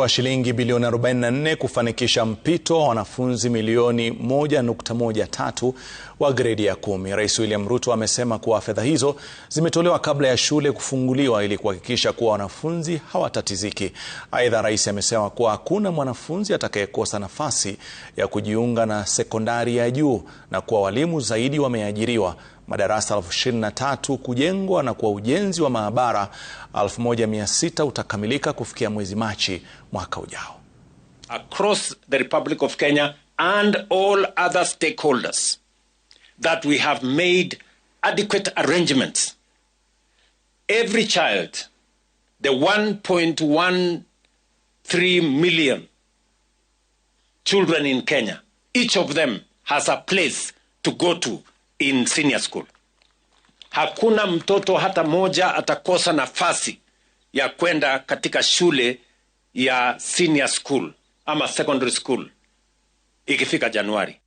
wa shilingi bilioni 44 kufanikisha mpito wa wanafunzi milioni 1.13 wa gredi ya kumi. Rais William Ruto amesema kuwa fedha hizo zimetolewa kabla ya shule kufunguliwa ili kuhakikisha kuwa wanafunzi hawatatiziki. Aidha, rais amesema kuwa hakuna mwanafunzi atakayekosa nafasi ya kujiunga na sekondari ya juu na kuwa walimu zaidi wameajiriwa madarasa elfu ishirini na tatu kujengwa na kwa ujenzi wa maabara 1600 utakamilika kufikia mwezi Machi mwaka ujao. Across the Republic of Kenya and all other stakeholders that we have made adequate arrangements every child the 1.13 million children in Kenya each of them has a place to go to in senior school. Hakuna mtoto hata moja atakosa nafasi ya kwenda katika shule ya senior school ama secondary school ikifika Januari.